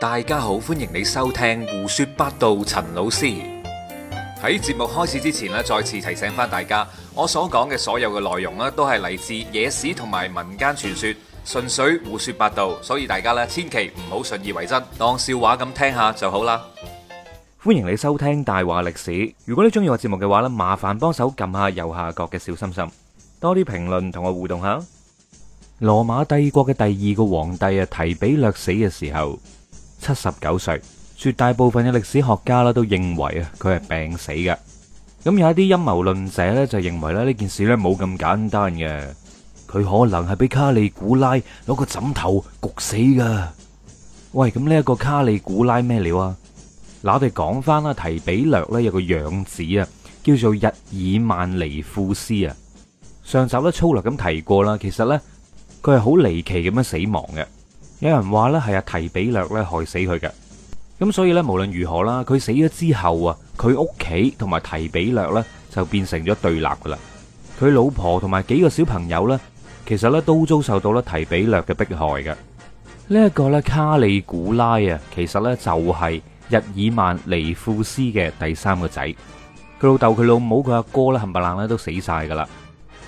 大家好，歡迎你收聽胡說八道。陳老師喺節目開始之前咧，再次提醒翻大家，我所講嘅所有嘅內容咧，都係嚟自野史同埋民間傳說，純粹胡說八道，所以大家咧千祈唔好信以為真，當笑話咁聽下就好啦。歡迎你收聽大話歷史。如果你中意我節目嘅話咧，麻煩幫手撳下右下角嘅小心心，多啲評論同我互動下。羅馬帝國嘅第二個皇帝啊，提比略死嘅時候，七十九歲，絕大部分嘅歷史學家啦都認為啊，佢係病死嘅。咁有一啲陰謀論者咧就認為咧呢件事咧冇咁簡單嘅，佢可能係俾卡里古拉攞個枕頭焗死噶喂，咁呢一個卡里古拉咩料啊？嗱，我哋講翻啦，提比略咧有個養子啊，叫做日耳曼尼庫斯啊。上集都粗略咁提過啦，其實咧佢係好離奇咁樣死亡嘅。有人話咧係阿提比略咧害死佢嘅，咁所以呢，無論如何啦，佢死咗之後啊，佢屋企同埋提比略呢，就變成咗對立噶啦。佢老婆同埋幾個小朋友呢，其實呢，都遭受到咧提比略嘅迫害嘅。呢、這、一個咧卡里古拉啊，其實呢，就係日耳曼尼庫斯嘅第三個仔，佢老豆佢老母佢阿哥咧冚唪唥咧都死晒噶啦，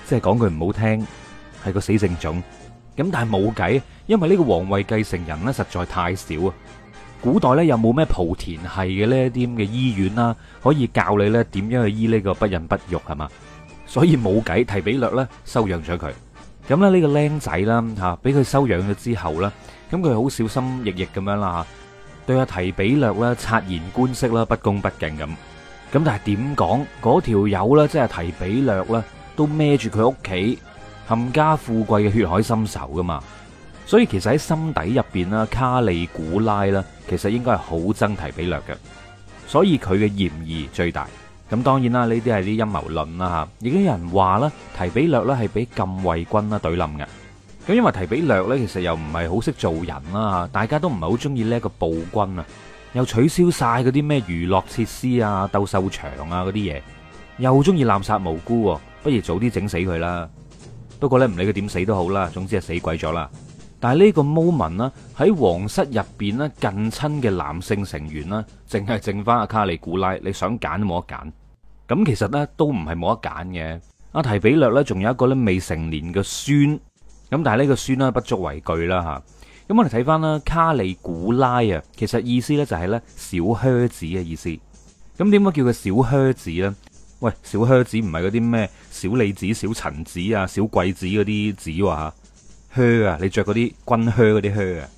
即係講句唔好聽，係個死剩種。咁但係冇計，因為呢個皇位繼承人咧實在太少啊！古代咧又冇咩莆田係嘅呢一啲咁嘅醫院啦，可以教你咧點樣去醫呢個不孕不育係嘛，所以冇計。提比略咧收養咗佢，咁咧呢個僆仔啦吓，俾佢收養咗之後咧，咁佢又好小心翼翼咁樣啦吓，對阿提比略咧察言觀色啦，不恭不敬咁。咁但係點講嗰條友咧，即係提比略咧都孭住佢屋企。冚家富貴嘅血海深仇噶嘛，所以其實喺心底入邊啦，卡利古拉啦，其實應該係好憎提比略嘅，所以佢嘅嫌疑最大。咁當然啦，呢啲係啲陰謀論啦吓，亦都有人話啦，提比略呢係俾禁衛軍啦懟冧嘅。咁因為提比略呢，其實又唔係好識做人啦，大家都唔係好中意呢一個暴君啊，又取消晒嗰啲咩娛樂設施啊、鬥獸場啊嗰啲嘢，又中意濫殺無辜，不如早啲整死佢啦。不過咧，唔理佢點死都好啦，總之係死鬼咗啦。但係呢個 moment 呢，喺皇室入邊呢，近親嘅男性成員啦，淨係剩翻阿卡里古拉，你想揀都冇得揀。咁其實呢，都唔係冇得揀嘅。阿提比略呢，仲有一個呢未成年嘅孫。咁但係呢個孫呢，不足為懼啦吓。咁我哋睇翻啦，卡里古拉啊，其實意思呢就係呢，「小靴子」嘅意思。咁點解叫佢小靴子呢？喂，小靴子唔係嗰啲咩小李子、小陳子啊、小貴子嗰啲子喎，靴啊，你着嗰啲軍靴嗰啲靴啊。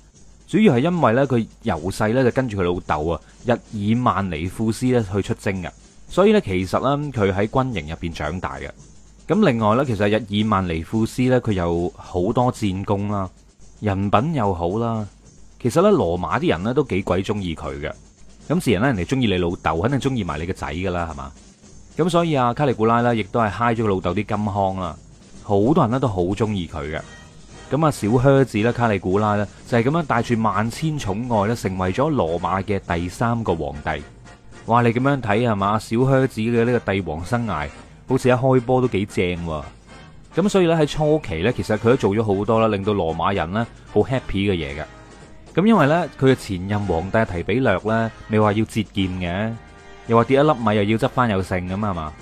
主要係因為呢，佢由細呢就跟住佢老豆啊，日耳曼尼庫斯呢去出征㗎，所以呢，其實呢，佢喺軍營入邊長大嘅。咁另外呢，其實日耳曼尼庫斯呢，佢有好多戰功啦，人品又好啦，其實呢，羅馬啲人呢都幾鬼中意佢嘅。咁自然呢，人哋中意你老豆，肯定中意埋你個仔噶啦，係嘛？咁所以啊，卡里古拉咧，亦都係嗨咗個老豆啲金腔啦，好多人咧都好中意佢嘅。咁啊，小靴子咧，卡里古拉咧，就係咁樣帶住萬千寵愛咧，成為咗羅馬嘅第三個皇帝。哇！你咁樣睇係嘛？小靴子嘅呢個帝王生涯，好似一開波都幾正。咁所以咧，喺初期咧，其實佢都做咗好多啦，令到羅馬人咧好 happy 嘅嘢嘅。咁因為咧，佢嘅前任皇帝提比略咧，未話要接劍嘅。又話跌一粒米又要執翻有剩咁係嘛，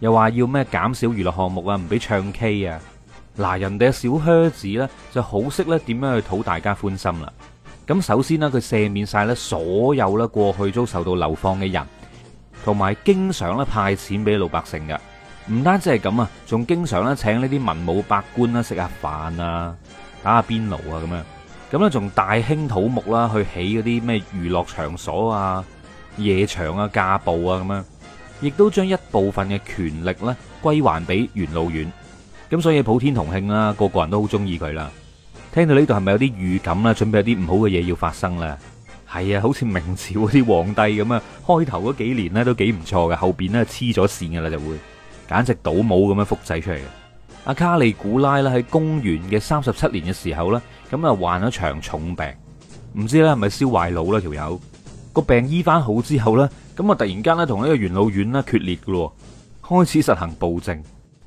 又話要咩減少娛樂項目啊，唔俾唱 K 啊，嗱，人哋嘅小靴子呢就好識咧點樣去討大家歡心啦。咁首先呢，佢赦免晒呢所有呢過去遭受到流放嘅人，同埋經常咧派錢俾老百姓噶。唔單止係咁啊，仲經常咧請呢啲文武百官啦食下飯啊，打下邊爐啊咁樣。咁咧仲大興土木啦，去起嗰啲咩娛樂場所啊。夜場啊，家暴啊咁樣，亦都將一部分嘅權力咧歸還俾元老院，咁所以普天同慶啦，個個人都好中意佢啦。聽到呢度係咪有啲預感啦？準備有啲唔好嘅嘢要發生咧？係啊，好似明朝嗰啲皇帝咁啊，開頭嗰幾年咧都幾唔錯嘅，後面咧黐咗線嘅啦就會，簡直倒冇咁樣複製出嚟嘅。阿卡利古拉咧喺公元嘅三十七年嘅時候咧，咁啊患咗場重病，唔知咧係咪燒壞腦啦條友？個病醫翻好之後咧，咁啊突然間咧同呢個元老院咧決裂噶喎，開始實行暴政。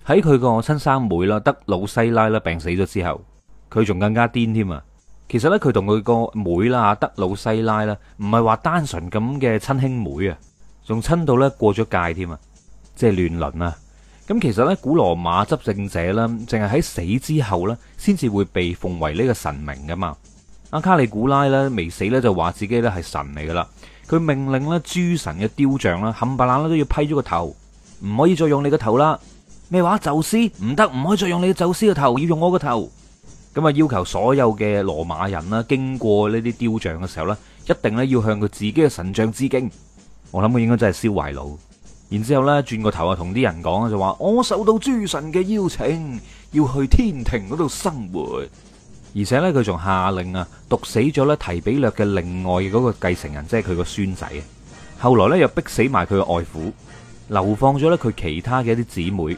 喺佢個親生妹啦德魯西拉啦病死咗之後，佢仲更加癲添啊！其實咧佢同佢個妹啦啊德魯西拉啦唔係話單純咁嘅親兄妹啊，仲親到咧過咗界添啊，即係亂倫啊！咁其實咧古羅馬執政者啦，淨係喺死之後咧先至會被奉為呢個神明噶嘛。阿卡利古拉咧未死咧就話自己咧係神嚟噶啦，佢命令咧諸神嘅雕像啦冚唪唥咧都要批咗個頭，唔可以再用你個頭啦。咩話宙斯唔得，唔可以再用你個宙斯個頭，要用我個頭。咁啊要求所有嘅羅馬人啦，經過呢啲雕像嘅時候咧，一定咧要向佢自己嘅神像致敬。我諗佢應該真係燒壞腦。然之後咧轉個頭啊，同啲人講就話我受到諸神嘅邀請，要去天庭嗰度生活。而且咧，佢仲下令啊，毒死咗咧提比略嘅另外嘅嗰個繼承人，即係佢個孫仔。啊。後來咧又逼死埋佢個外父，流放咗咧佢其他嘅一啲姊妹，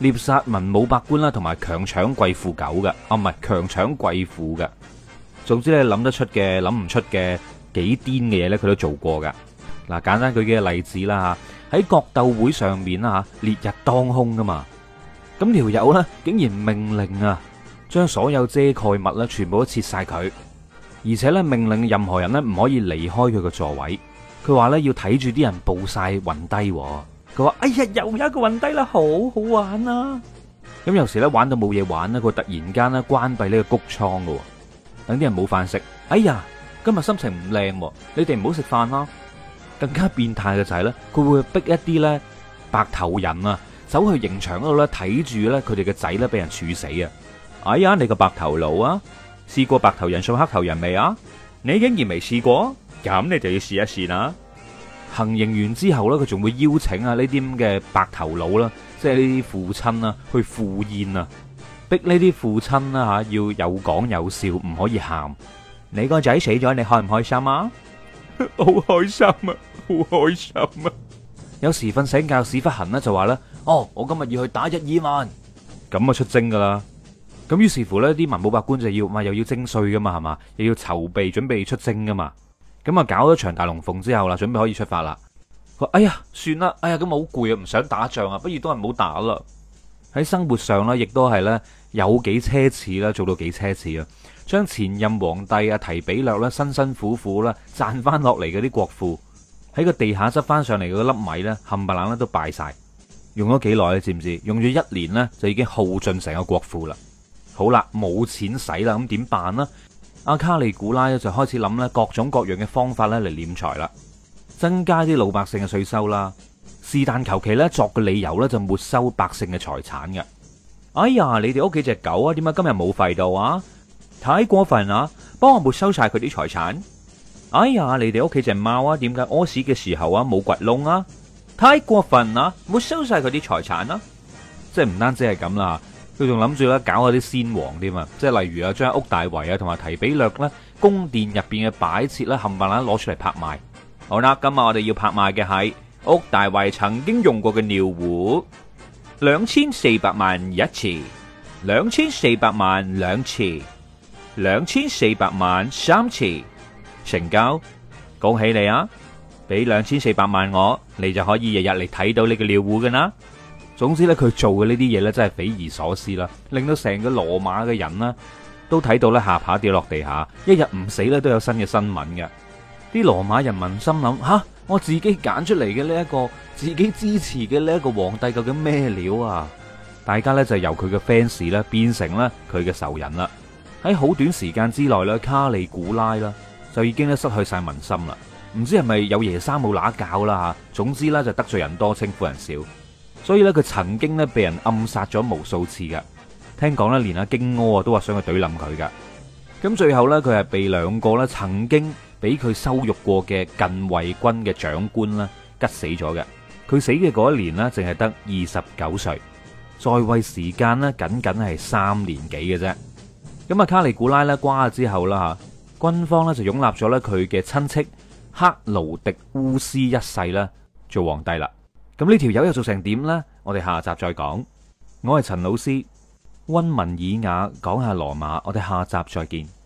獵殺文武百官啦，同埋強搶貴婦狗嘅啊，唔係強搶貴婦嘅。總之咧諗得出嘅諗唔出嘅幾癲嘅嘢咧，佢都做過噶。嗱，簡單舉幾個例子啦吓，喺角鬥會上面啊，吓，烈日當空噶嘛，咁條友呢，竟然命令啊！將所有遮蓋物咧，全部都切晒佢，而且咧命令任何人咧唔可以離開佢嘅座位。佢話咧要睇住啲人，暴曬暈低。佢話哎呀，又有一個暈低啦，好好玩啊！咁有時咧玩到冇嘢玩咧，佢突然間咧關閉呢個穀倉噶，等啲人冇飯食。哎呀，今日心情唔靚，你哋唔好食飯啦。更加變態嘅就係咧，佢會逼一啲咧白頭人啊，走去刑場嗰度咧睇住咧佢哋嘅仔咧俾人處死啊。哎呀，你個白頭佬啊，試過白頭人送黑頭人未啊？你竟然未試過，咁你就要試一試啦。行刑完之後呢，佢仲會邀請啊呢啲咁嘅白頭佬啦，即係呢啲父親啊，去赴宴這些啊，逼呢啲父親啊，吓要有講有笑，唔可以喊。你個仔死咗，你開唔開心啊？ 好開心啊，好開心啊！有時瞓醒覺屎忽痕啊，就話啦：「哦，我今日要去打日耳曼，咁啊出征噶啦。咁於是乎呢啲文武百官就要又要徵稅噶嘛，係嘛又要籌備準備出征噶嘛。咁啊，搞咗場大龍鳳之後啦，準備可以出發啦。話哎呀，算啦，哎呀，咁好攰啊，唔想打仗啊，不如都係唔好打啦。喺生活上呢，亦都係呢，有幾奢侈啦，做到幾奢侈啊。將前任皇帝啊提比略咧辛辛苦苦啦賺翻落嚟嗰啲國庫，喺個地下執翻上嚟嗰粒米呢，冚唪唥咧都敗晒。用咗幾耐咧？知唔知？用咗一年呢，就已經耗盡成個國庫啦。好啦，冇錢使啦，咁點辦呢？阿卡利古拉呢就開始諗呢各種各樣嘅方法呢嚟斂財啦，增加啲老百姓嘅稅收啦。是但求其呢作個理由呢就沒收百姓嘅財產嘅。哎呀，你哋屋企隻狗啊，點解今日冇吠到啊？太過分啊，幫我沒收晒佢啲財產。哎呀，你哋屋企隻貓啊，點解屙屎嘅時候啊冇掘窿啊？太過分啊，沒收晒佢啲財產啊、哎、即係唔單止係咁啦。佢仲諗住咧搞嗰啲先王添啊，即係例如啊，將屋大維啊同埋提比略咧宮殿入邊嘅擺設咧冚唪唥攞出嚟拍賣。好啦，今日我哋要拍賣嘅係屋大維曾經用過嘅尿壺，兩千四百萬一次，兩千四百萬兩次，兩千四百萬三次，成交。恭喜你啊，俾兩千四百萬我，你就可以日日嚟睇到你嘅尿壺㗎啦。總之咧，佢做嘅呢啲嘢咧，真係匪夷所思啦，令到成個羅馬嘅人啦，都睇到咧下巴掉落地下，一日唔死咧都有新嘅新聞嘅。啲羅馬人民心諗：吓，我自己揀出嚟嘅呢一個自己支持嘅呢一個皇帝，究竟咩料啊？大家咧就由佢嘅 fans 咧變成咧佢嘅仇人啦。喺好短時間之內咧，卡里古拉啦就已經咧失去晒民心啦。唔知係咪有爺生冇乸教啦吓？總之咧就得罪人多，稱呼人少。所以咧，佢曾經咧被人暗殺咗無數次噶。聽講咧，連阿荊軻啊都話想去懟冧佢噶。咁最後呢，佢係被兩個呢曾經俾佢羞辱過嘅近衛軍嘅長官呢吉死咗嘅。佢死嘅嗰一年呢，淨係得二十九歲，在位時間呢，僅僅係三年幾嘅啫。咁啊，卡利古拉呢瓜咗之後啦，吓軍方呢就擁立咗咧佢嘅親戚克勞迪烏斯一世咧做皇帝啦。咁呢條友又做成點呢？我哋下集再講。我係陳老師，溫文爾雅，講下羅馬。我哋下集再見。